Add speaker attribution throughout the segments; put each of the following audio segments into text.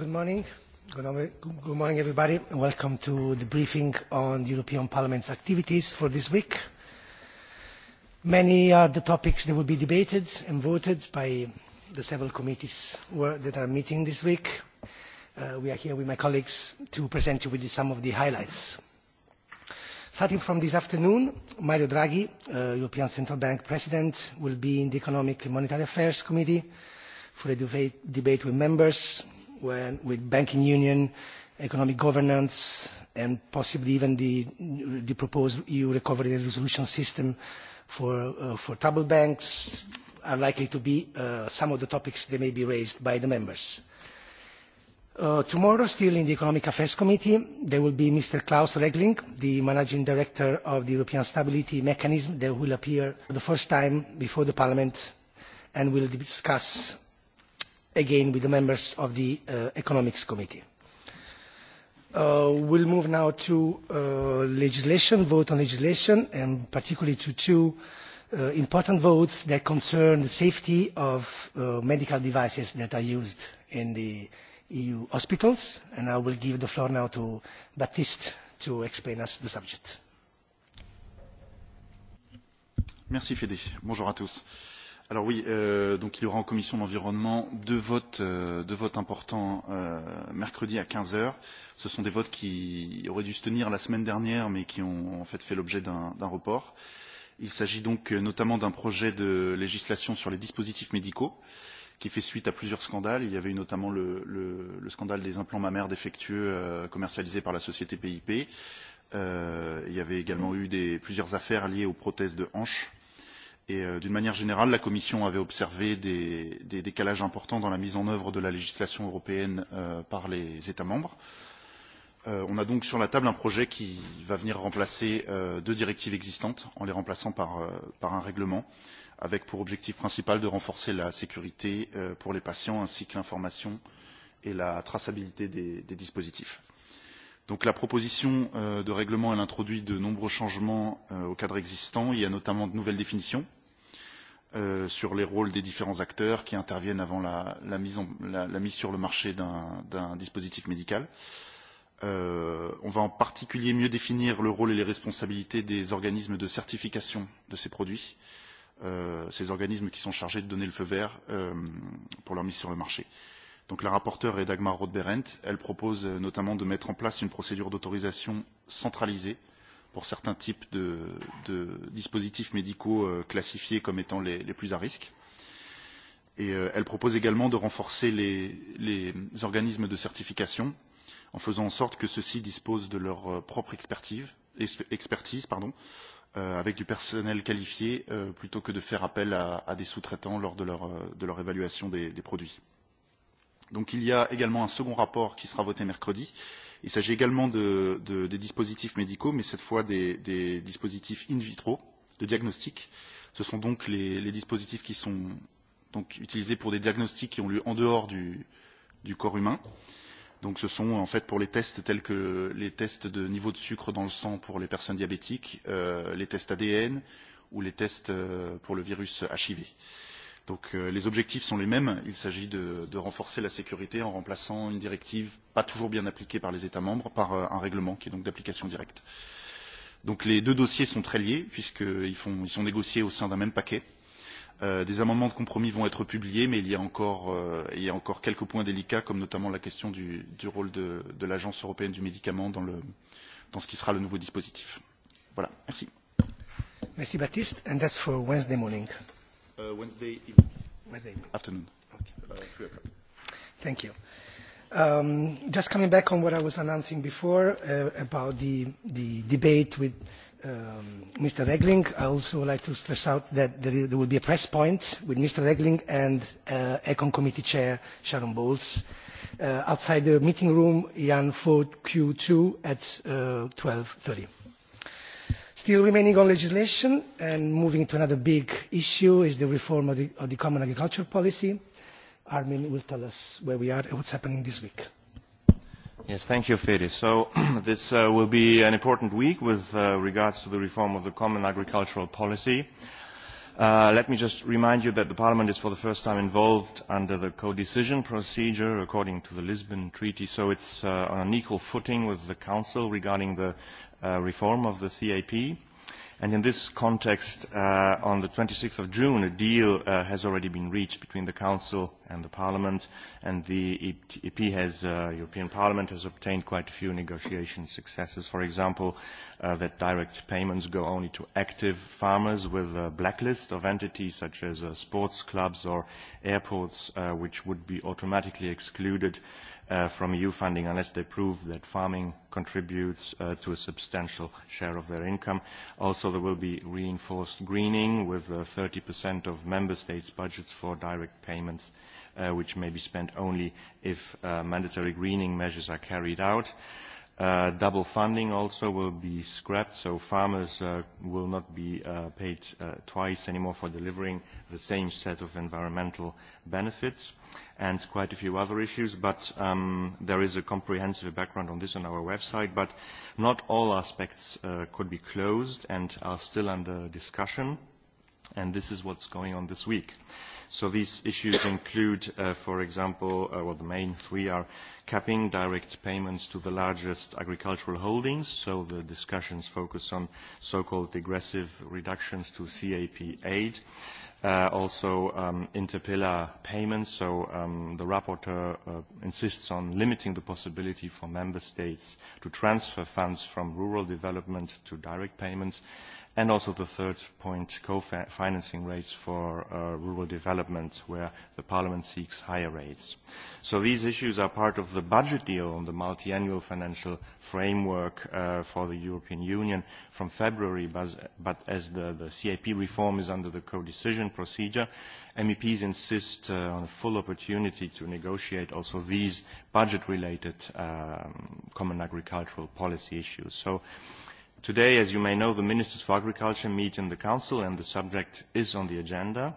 Speaker 1: Good morning. Good morning, everybody. Welcome to the briefing on the European Parliament's activities for this week. Many are the topics that will be debated and voted by the several committees that are meeting this week. we are here with my colleagues to present you with some of the highlights. Starting from this afternoon, Mario Draghi, European Central Bank President, will be in the Economic and Monetary Affairs Committee for a debate with members when, with banking union, economic governance, and possibly even the, the proposed EU recovery and resolution system for, troubled banks are likely to be some of the topics that may be raised by the members. tomorrow, still in the Economic Affairs Committee, there will be Mr. Klaus Regling, the Managing Director of the European Stability Mechanism, who will appear for the first time before Parliament and will discuss again with the members of the Economics Committee. We will move now to legislation, vote on legislation, and particularly to two important votes that concern the safety of medical devices that are used in the EU hospitals. And I will give the floor now to Baptiste to explain us the subject.
Speaker 2: Alors oui, euh, donc il y aura en commission de l'environnement deux votes, euh, deux votes importants euh, mercredi à 15 heures. Ce sont des votes qui auraient dû se tenir la semaine dernière, mais qui ont en fait fait l'objet d'un report. Il s'agit donc notamment d'un projet de législation sur les dispositifs médicaux, qui fait suite à plusieurs scandales. Il y avait eu notamment le, le, le scandale des implants mammaires défectueux euh, commercialisés par la société PIP. Euh, il y avait également eu des, plusieurs affaires liées aux prothèses de hanches Et d'une manière générale, la Commission avait observé des, des décalages importants dans la mise en œuvre de la législation européenne euh, par les États membres. Euh, on a donc sur la table un projet qui va venir remplacer euh, deux directives existantes en les remplaçant par, euh, par un règlement avec pour objectif principal de renforcer la sécurité euh, pour les patients ainsi que l'information et la traçabilité des, des dispositifs. Donc la proposition de règlement elle introduit de nombreux changements au cadre existant. Il y a notamment de nouvelles définitions sur les rôles des différents acteurs qui interviennent avant la, la, mise, en, la, la mise sur le marché d'un dispositif médical. Euh, on va en particulier mieux définir le rôle et les responsabilités des organismes de certification de ces produits, euh, ces organismes qui sont chargés de donner le feu vert euh, pour leur mise sur le marché. Donc la rapporteure est Dagmar Roth-Berendt. Elle propose notamment de mettre en place une procédure d'autorisation centralisée euh, pour certains types de, de dispositifs médicaux classifiés comme étant les, les plus à risque. Et elle propose également de renforcer les, les organismes de certification en faisant en sorte que ceux-ci disposent de leur propre expertise, expertise pardon, euh, avec du personnel qualifié euh, plutôt que de faire appel à, à des sous-traitants lors de leur, de leur évaluation des, des produits. Donc il y a également un second rapport qui sera voté mercredi euh, Il s'agit également de, de, des dispositifs médicaux, mais cette fois des, des dispositifs in vitro de diagnostic. Ce sont donc les, les dispositifs qui sont donc utilisés pour des diagnostics qui ont lieu en dehors du, du corps humain. Donc ce sont en fait pour les tests tels que les tests de niveau de sucre dans le sang pour les personnes diabétiques, euh, les tests ADN ou les tests pour le virus HIV. Euh, Donc euh, les objectifs sont les mêmes. Il s'agit de, de renforcer la sécurité en remplaçant une directive pas toujours bien appliquée par les États membres par euh, un règlement qui est donc d'application directe. Donc les deux dossiers sont très liés puisqu'ils ils sont négociés au sein d'un même paquet. Euh, des amendements de compromis vont être publiés, mais il y a encore, euh, il y a encore quelques points délicats, comme notamment la question du, du rôle de, de l'Agence européenne du médicament dans, le, dans ce qui sera le nouveau dispositif. Voilà, merci.
Speaker 1: Merci Baptiste, and that's for Wednesday morning. Wednesday evening. Wednesday evening. afternoon. Thank you. Um, just coming back on what I was announcing before uh, about the, the debate with um, Mr. Regling, I also would like to stress out that there, there will be a press point with Mr. Regling and uh, Econ Committee Chair Sharon Bowles uh, outside the meeting room, Jan 4Q2 at uh, 12.30 still remaining on legislation and moving to another big issue is the reform of the, of the common agricultural policy. armin will tell us where we are and what's happening this week.
Speaker 3: Yes, thank you, Fede. So this uh, will be an important week with uh, regards to the reform of the common agricultural policy. Uh, let me just remind you that the Parliament is for the first time involved under the co-decision procedure according to the Lisbon Treaty, so it's uh, on an equal footing with the Council regarding the uh, reform of the CAP. And in this context, uh, on the 26th of June, a deal uh, has already been reached between the Council and the Parliament, and the EP has, uh, European Parliament has obtained quite a few negotiation successes. For example, uh, that direct payments go only to active farmers with a blacklist of entities such as uh, sports clubs or airports, uh, which would be automatically excluded from EU funding unless they prove that farming contributes to a substantial share of their income. Also, there will be reinforced greening with uh, of member states' budgets for direct payments which may be spent only if mandatory greening measures are carried out Uh, double funding also will be scrapped, so farmers uh, will not be uh, paid uh, twice anymore for delivering the same set of environmental benefits, and quite a few other issues. But um, there is a comprehensive background on this on our website. But not all aspects uh, could be closed and are still under discussion, and this is what's going on this week. Uh, So these issues include, uh, for example, uh, well, the main three are capping direct payments to the largest agricultural holdings. So the discussions focus on so-called digressive reductions to CAP aid. Uh, also, um, interpillar payments. So um, the rapporteur uh, insists on limiting the possibility for member states to transfer funds from rural development to direct payments and also the third point, co-financing rates for uh, rural development, where the Parliament seeks higher rates. So these issues are part of the budget deal on the multi-annual financial framework uh, for the European Union from February, but, but as the, the CAP reform is under the co-decision procedure, MEPs insist uh, on a full opportunity to negotiate also these budget-related um, common agricultural policy issues. So Today, as you may know, the Ministers for Agriculture meet in the Council and the subject is on the agenda.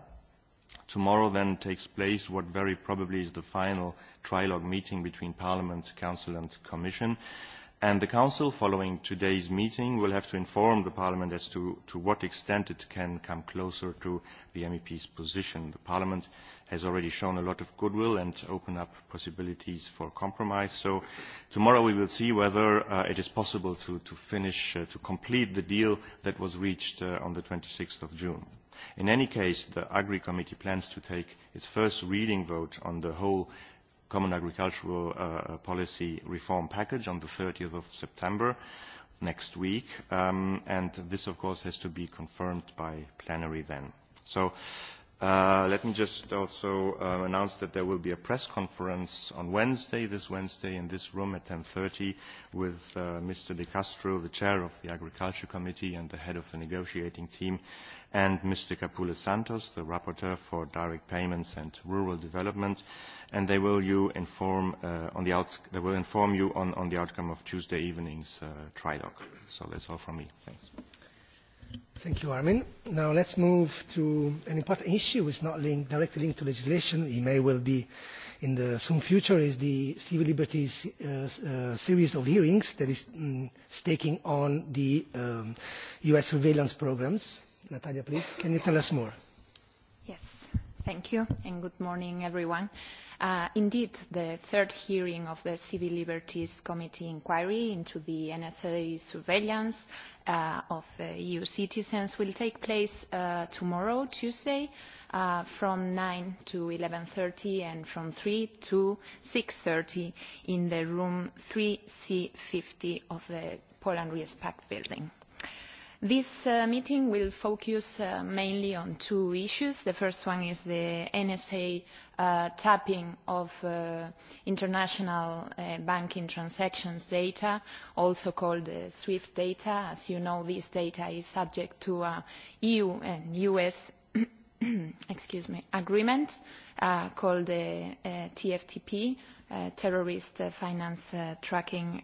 Speaker 3: Tomorrow then takes place what very probably is the final trilogue meeting between Parliament, Council and Commission and the Council, following today's meeting, will have to inform the Parliament as to, to what extent it can come closer to the MEP's position. The Parliament has already shown a lot of goodwill and opened up possibilities for compromise, so tomorrow we will see whether uh, it is possible to, to finish, uh, to complete the deal that was reached uh, on the 26th of June. In any case, the Agri Committee plans to take its first reading vote on the whole common agricultural uh, policy reform package on the 30th of September next week. Um, and this, of course, has to be confirmed by plenary then. So Uh, let me just also um announce that there will be a press conference on Wednesday, this Wednesday, in this room at 10.30 with uh, Mr. De Castro, the chair of the Agriculture Committee and the head of the negotiating team, and Mr. Capula Santos, the rapporteur for direct payments and rural development, and they will, you inform, uh, on the out they will inform you on, on the outcome of Tuesday evening's uh, trilogue. So that's all from me. Thanks.
Speaker 1: Thank you, Armin. Now let's move to an important issue which is not linked, directly linked to legislation. It may well be in the soon future is the civil liberties uh, uh, series of hearings that is um, staking on the um, U.S. surveillance programs. Natalia, please, can you tell us more?
Speaker 4: Yes, thank you, and good morning, everyone indeed, the third hearing of the Civil Liberties Committee inquiry into the NSA surveillance of EU citizens will take place tomorrow, Tuesday, from nine to eleven thirty and from three to six thirty in room three c fifty of the Poland Respect building. This meeting will focus mainly on two issues. The first one is the NSA tapping of international banking transactions data, also called SWIFT data. As you know, this data is subject to an EU and US excuse me, agreement uh, called the uh, TFTP, uh, Terrorist Finance uh, Tracking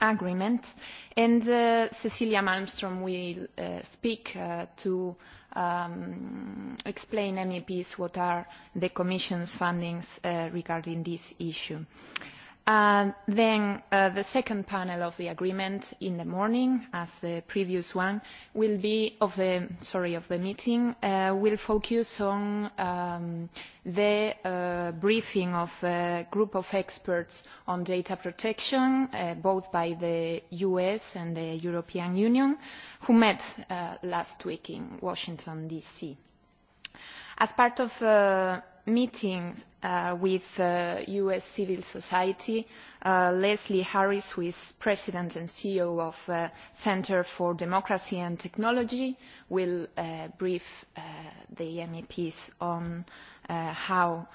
Speaker 4: agreement. And uh, Cecilia Malmström will uh, speak uh, to um, explain MEPs what are the Commission's fundings uh, regarding this issue. Uh, then the second panel of the agreement in the morning, as the previous one, will be of the sorry of the meeting will focus on the briefing of a group of experts on data protection, both by the US and the European Union, who met last week in Washington DC. As part of meeting with us civil society leslie harris who is president and ceo of the centre for democracy and technology will brief the meps on how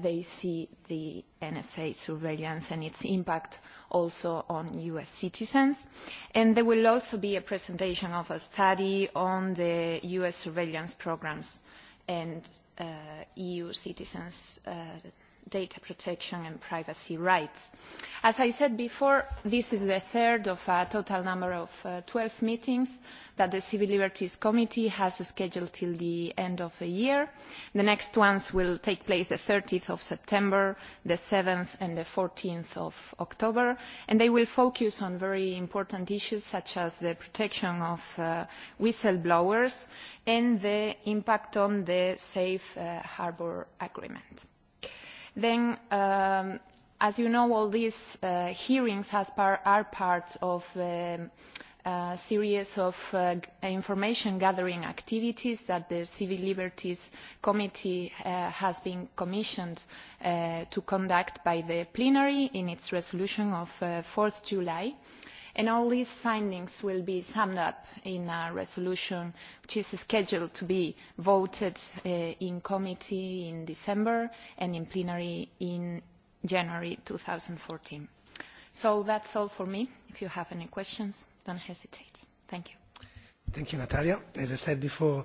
Speaker 4: they see the nsa surveillance and its impact also on us citizens and there will also be a presentation of a study on the us surveillance programmes and EU citizens data protection and privacy rights. As I said before, this is the third of a total number of twelve meetings that the Civil Liberties Committee has scheduled till the end of the year. The next ones will take place the thirty of September, the and the of October, and they will focus on very important issues such as the protection of whistle blowers and the impact on the Safe Harbour Agreement. Then, as you know, all these hearings are part of a series of information gathering activities that the Civil Liberties Committee has been commissioned to conduct by the plenary in its resolution of four July and all these findings will be summed up in a resolution which is scheduled to be voted in committee in december and in plenary in january. two thousand and fourteen so that is all for me. if you have any questions do not hesitate. thank you.
Speaker 1: thank you natalia. as i said before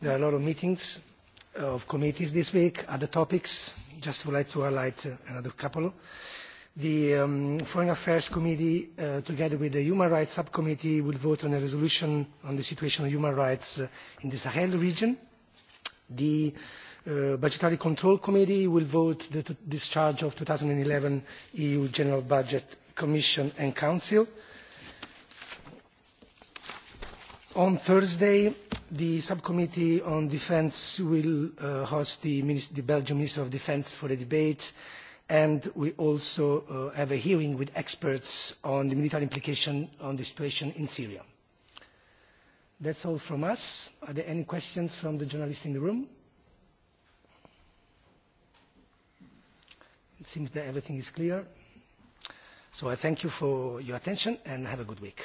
Speaker 1: there are a lot of meetings of committees this week other topics. just would like to highlight another couple the Foreign Affairs Committee, together with the Human Rights Subcommittee, will vote on a resolution on the situation of human rights in the Sahel region. The Budgetary Control Committee will vote the discharge of eleven EU General Budget Commission and Council. On Thursday, the Subcommittee on Defence will host the, Belgian Minister of Defence for a debate and we also have a hearing with experts on the military implication on the situation in Syria. That's all from us. Are there any questions from the journalists in the room? It seems that everything is clear. So I thank you for your attention and have a good week.